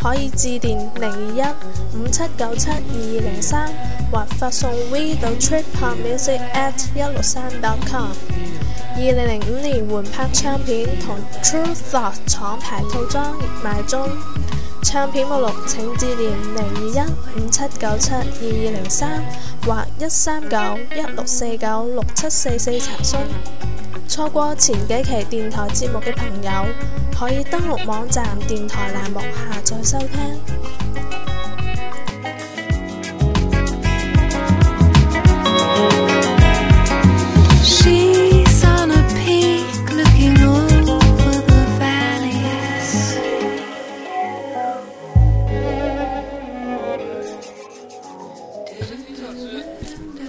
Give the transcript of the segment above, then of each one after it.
可以致電零二一五七九七二二零三，或發送 v 到 trip 拍 music at 一六三 dotcom。二零零五年，換拍唱片同 True Thoughts 廠牌套裝熱賣中。唱片目錄，請致電零二一五七九七二二零三或一三九一六四九六七四四查詢。錯過前幾期電台節目嘅朋友，可以登錄網站電台欄目下載收聽。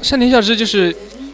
山田孝之就是。